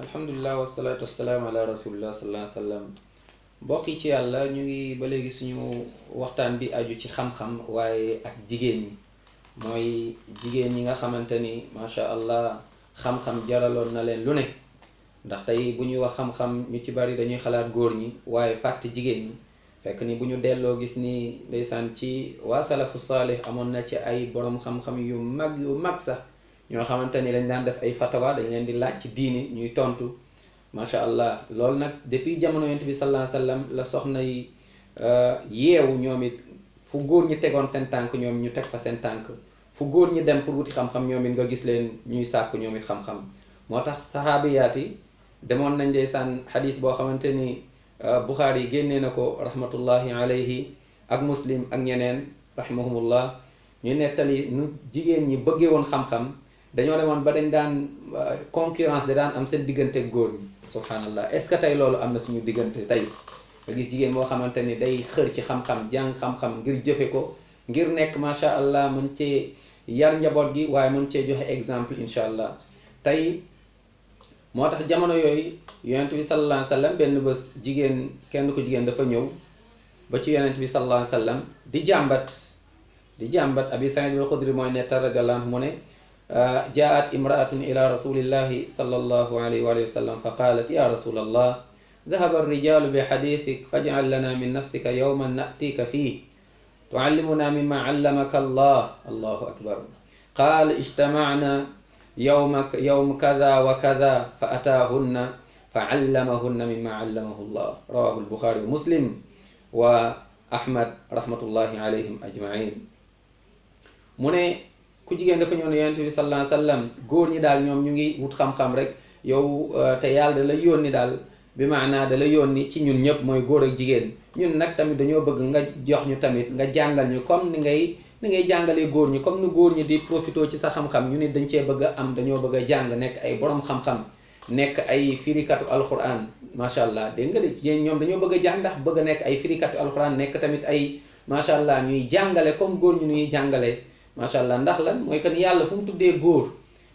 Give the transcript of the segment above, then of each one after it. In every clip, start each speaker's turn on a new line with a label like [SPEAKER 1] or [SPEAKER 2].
[SPEAKER 1] alhamdulilah wasalaatu wasalaam ala rasulillah salaa sallam mbokk yi ci yàlla ñu ngi ba léegi suñu waxtaan bi aju ci xam-xam waaye ak jigéen ñi mooy jigéen ñi nga xamante ni macha allah xam-xam jaraloon na leen lu ne ndax tey bu ñuy wax xam-xam ñu ci bari dañuy xalaat góor ñi waaye fàtt jigéen ñi fekk ni bu ñu delloo gis ni ndeysaan ci waa salafu saalih amoon na ci ay boroom xam-xam yu mag yu mag sax ñoo xamante ni dañ daan def ay fatawa dañ leen di laaj ci diini ñuy tontu macha allah loolu nag depuis jamono yonent bi sallallahu alayhi wasallam la soxna yi euh, yeewu ñoom it fu góor ñi tegoon seen tànk ñoom ñu teg fa seen tànk fu góor ñi dem pour wuti xam-xam ñoom it nga gis leen ñuy sàkk ñoom it xam-xam moo tax saxaabiyaat yi demoon nañ ndeysaan xadiis boo xamante ni euh, Buxaari yi génnee na ko rahmatullahi alayhi ak muslim ak ñeneen rahimahumullah ñu nettali nu jigéen ñi bëggee woon xam dañoo ne demoon ba dañ daan euh, concurrence da daan am seen diggante góor ñi subhanallah est ce que tey loolu am na suñu diggante tey a gis jigéen boo xamante ni day xër ci xam-xam jàng xam-xam ngir jëfe ko ngir nekk macha allah mën cee yar njaboot gi waaye mën cee joxe exemple incha allah tey moo tax jamono yooyu yonent bi sallallahu alayhi wa benn bës jigéen kenn ko jigéen dafa ñëw ba ci yonent bi sallallahu alayhi di jàmbat di jàmbat abi saïd al xudri mooy netta radiyallahu ne jaat imraatun ila rasulillahi sallallahu alayhi wa sallam fa qaalat ya rasulallah dahaba alrijaalu bi xadiitik fajcal lana min nafsika yowman naatika fii tucallimuna mima callamaka allah allahu akbar qaal ijtamacna yowma yowm kada wa kada fa ataahunna fa callamahunna mima callamahu llah rawahu albuxaari wa muslim wa ahmad rahmatullahi alayhim ajmain mu ne ku jigéen dafa ñoo ne yonent bi sallallahu alayhi wasallam góor ñi daal ñoom ñu ngi wut xam-xam rek yow euh, te yàlla da la yónni daal bi maanaa da la yónni ci ñun ñëpp mooy góor ak jigéen ñun nag tamit dañoo bëgg nga jox ñu tamit nga jàngal ñu comme ni ngay ni ngay jàngalee góor ñi comme ni góor ñi di profité ci sa xam ñu ne dañ cee bëgg a am dañoo bëgg a jàng nekk ay borom xam-xam nekk ay firikatu alquran macha allah dégg nga de yéen ñoom dañoo bëgg a jàng ndax bëgg a nekk ay firikatu alquran nekk tamit ay macha allah ñuy jàngale comme góor ñi ñuy jàngale macha allah ndax lan mooy que ni yàlla fu mu tuddee góor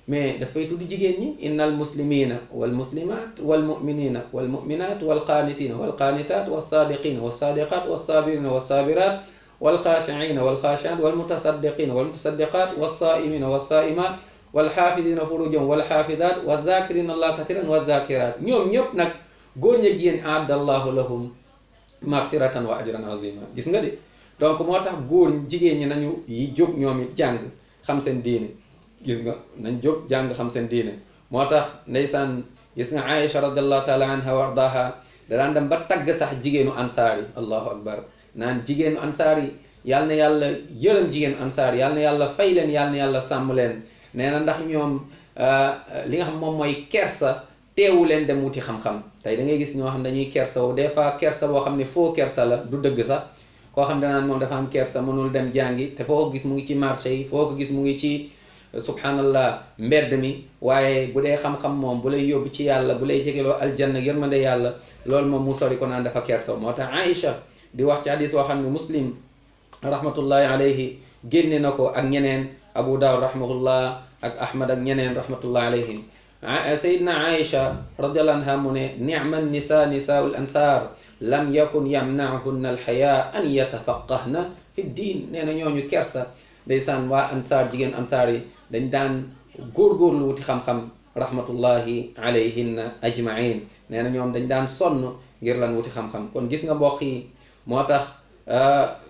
[SPEAKER 1] mais dafay tudd jigéen ñi innal muslimina wal muslimat wal muminina wal muminat wal qaanitina wal qaanitat was saadiqina was saadiqat was saabirina was saabirat wal xaashiina wal xaashiat wal mutasaddiqina wal mutasaddiqat was saaimina was saaimat wal xaafidina furujam wal xaafidat wa zakirina allah kathiran wa zakirat ñoom ñëpp nag góor ña jigéen addallahu lahum magfiratan wa ajran azima gis nga de donc moo tax góor jigéen ñi nañu yi jóg ñoom it jàng xam seen diine gis nga nañ jóg jàng xam seen diine moo tax ndeysaan gis nga Aïcha radiallahu taala anha wa ardaha da daan dem ba tagg sax jigéenu ansaar yi allahu akbar naan jigéenu ansaar yi yàlla na yàlla yërëm jigéenu ansaar yàlla na yàlla fay leen yàlla yàlla sàmm leen nee na ndax ñoom euh, li nga xam moom mooy kersa teewu leen dem wuti xam-xam tey da ngay gis ñoo xam dañuy kersa woo des fois kersa boo xam ne foo kersa la du dëgg sax koo xam danaan moom dafa am kersa mënul dem jàngi te foo ko gis mu ngi ci marché yi foo ko gis mu ngi ci euh, subhanallah mbedd mi waaye bu dee xam-xam moom bu lay yóbbu ci yàlla bu lay jege jegeloo aljanna yërmande yàlla loolu moom mu sori ko naan dafa kersa moo tax Aïcha di wax ci hadis woo xam ne muslim rahmatullahi alayhi génne na ko ak ñeneen Abu Daawud rahmatullah ak Ahmad ak ñeneen rahmatullahi alayhim sayidna aïcha radiallahu anha mu ne nicma nisa nisaau l ansaar lam yakun yamnaahunna alxayaa an yatafaqahna fi diin nee na ñooñu kersa ndeysaan waa ansaar jigéen ansaar yi dañ daan góorgóorlu wuti xam-xam rahmatullahi alayhinna ajmain nee na ñoom dañ daan sonn ngir lan wuti xam-xam kon gis nga mbokk yi moo tax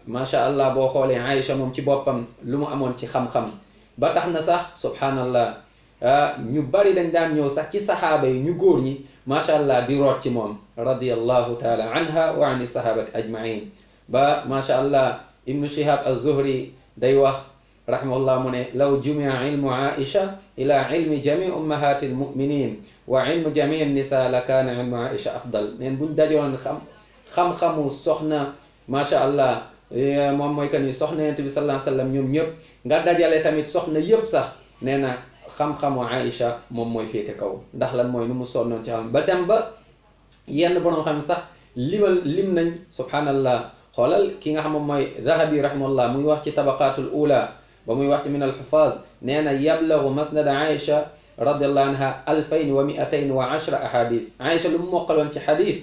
[SPEAKER 1] macha allah boo xoolee aïcha moom ci boppam lu mu amoon ci xam-xam ba tax na sax subhaanallah Ah, ñu bari lañ daan ñëw sax ci saxaaba yi ñu góor ñi macha allah di root ci moom radiallahu taala anha wa an sahabati ajmain ba macha allah ibnu shihab az-zuhri day wax rahimahullah mu ne law jumia ilmu aisha ila ilmi jami ummahati almuminin wa ilmu jami nisa la kaana ilmu aisha afdal neen buñ dajoon xam xam-xamu soxna macha allah eh, moom mooy que ni soxna yonent bi sallallahu alayhi wa sallam ñoom ñëpp nga dajale tamit soxna yëpp sax nee na xam-xamu Aïcha moom mooy féete kaw ndax lan mooy nu mu sonnoon ci xam ba dem ba yenn borom xam sax limal lim nañ subhanallah xoolal ki nga xam moom mooy Zahabi rahimahullah muy wax ci tabaqaatul ula ba muy wax ci min alxufaaz nee na yablagu masnad Aïcha radiallahu anha alfayn wa miatayn wa ashra ahadith Aïcha lu mu moqaloon ci xadith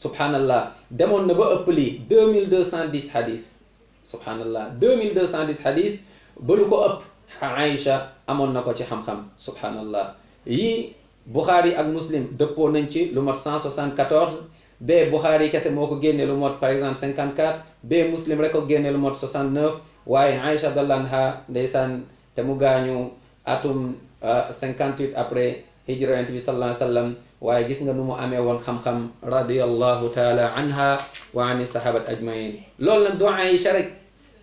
[SPEAKER 1] subhanallah demoon na ba ëpp lii deux mille deux cent dix xadith subhanallah deux mille deux cent dix xadith ba lu ko ëpp Aïcha amoon na ko ci xam-xam subhanallah yii Bukhari ak Muslim dëppoo nañ ci lu mat 174 bee Bukhari kese moo ko génne lu mot par exemple 54 bee Muslim rek ko génne lu mot 69 waaye Aïcha dallanha ndeysaan te mu gaañu atum 58 euh, après hijra yonent bi sallallahu alayhi wa sallam waaye gis nga nu mu amee woon xam-xam radiyallahu taala anha wa ani sahabat ajmain loolu la du Aïcha rek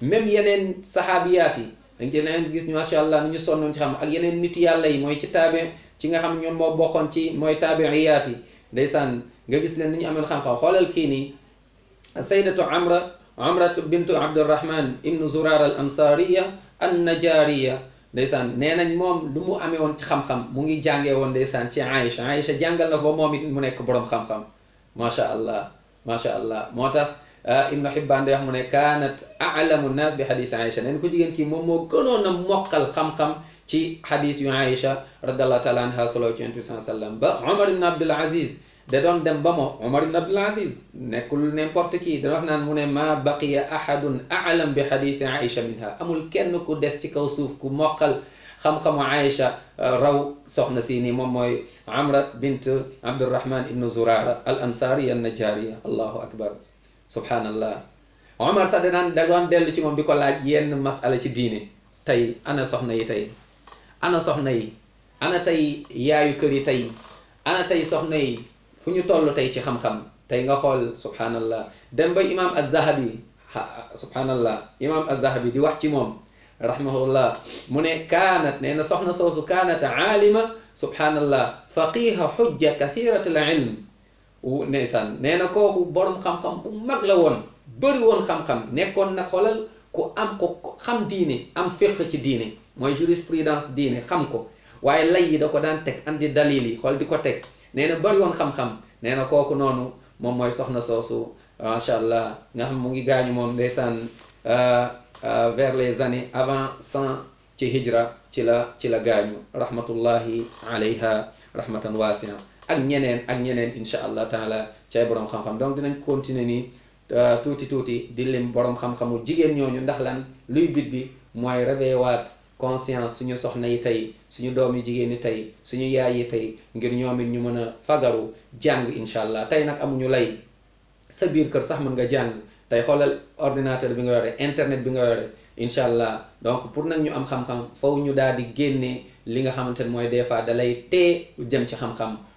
[SPEAKER 1] même yeneen sahabiyaat yi dañ ci leneen gis ñu macha allah ni ñu sonnoon ci xam ak yeneen nit yàlla yi mooy ci taabe ci nga xam ñoom moo bokkoon ci mooy taabiiyaat yi ndeysaan nga gis leen ni ñu amoon xam-xam xoolal kii nii saydatu amra amratu bintu abdurahman ibnu zurar al ansariya an najariya ndeysaan nee nañ moom lu mu amee woon ci xam-xam mu ngi jàngee woon ndeysaan ci aïcha aïcha jàngal na ko moom it mu nekk boroom xam-xam macha allah macha allah Ah, ibnu Hibbaan day wax mu ne kaanat alamu nnaas bi xadis Aïcha neen ko jigéen kii moom moo gënoon a mokkal xam-xam ci xadis yu Aïcha radiallahu taala anha solo ci yonent bi sallam ba Omar ibn Abdul Aziz da doon dem ba moom Omar ibn Abdul Aziz nekkul n'importe qui da wax naan mu ne maa baqiya ahadun alam bi xadisi Aïcha minha amul kenn ku des ci kaw suuf ku mokkal xam-xamu Aïcha ah, raw soxna si nii moom mooy Amra bint Abdurahman ibnu Zurara al Ansari an Najariya allahu akbar subhanallah omar sax danaan da dellu ci moom di ko laaj yenn masala ci diine tey ana soxna yi tey ana soxna yi ana tey yaayu kër yi tey ana tey soxna yi fu ñu toll tey ci xam-xam tey nga xool subhanallah dem ba imaam az-zahabi subhanallah imaam az-zahabi di wax ci moom rahimahullah mu ne kaanat nee na soxna soosu kaanat aalima subhanallah faqiha xujja kathirat al ilm wu ndeysaan nee na kooku borom xam-xam bu mag la woon bëri woon xam-xam nekkoon na xoolal ko am ko xam diine am féq ci diine mooy jurisprudence diine xam ko waaye lay yi da ko daan teg andi dalil yi di ko teg nee na bëri woon xam-xam nee na kooku noonu moom mooy soxna soosu macha allah nga xam mu ngi gaañu moom ndeysaan euh, euh, ver les années avant cent ci hijra ci la ci la gaañu rahmatullahi alayha rahmatan wasia ak ñeneen ak ñeneen incha allah taala ci ay borom xam-xam donc dinañ continuer nii euh, tuuti tuuti di lim borom xam-xamu jigéen ñooñu ndax lan luy bit bi mooy réveillé conscience suñu soxna yi tey suñu doom yu jigéen ñi tey suñu yaay yi tey ngir ñoom it ñu mën a fagaru jàng incha allah tey nag amuñu lay sa biir kër sax mën nga jàng tey xoolal ordinateur bi nga yore internet bi nga yore incha allah donc pour nag ñu am xam-xam faw ñu daal di génne li nga xamante ne mooy des fois da lay tee jëm ci xam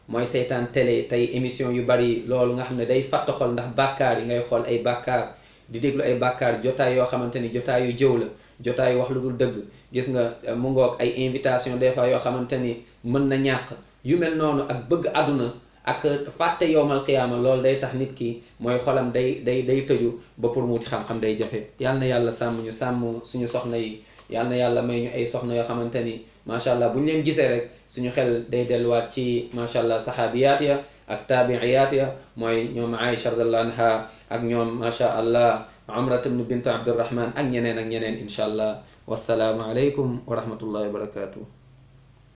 [SPEAKER 1] mooy seytaan télé tey émission yu bari loolu nga xam ne day fàtt xol ndax bàkkaar yi ngay xool ay bàkkaar di déglu ay bàkkaar jotaay yoo xamante ni jotaay yu jëw la jotaay yu wax lu dul dëgg gis nga eh, mu ngoog ay invitation des fois yoo xamante ni mën na ñàkk yu mel noonu ak bëgg àdduna ak fàtte yowmal xiyaama loolu day tax nit ki mooy xolam day day day tëju ba pour mu wuti xam-xam day jafe yàlla yàlla sàmm ñu sàmm suñu soxna yi yal na yàlla may ñu ay soxna yoo xamante ni macha allah bu ñu leen gisee rek suñu xel day delluwaat ci macha allah saxaabiyaat ya ak taabiiyaat ya mooy ñoom Aïcha radiyallahu anha ak ñoom macha allah Amrat ibn bint Abdurrahman ak ñeneen ak ñeneen incha allah wasalaamu aleykum wa rahmatullahi wa barakatuh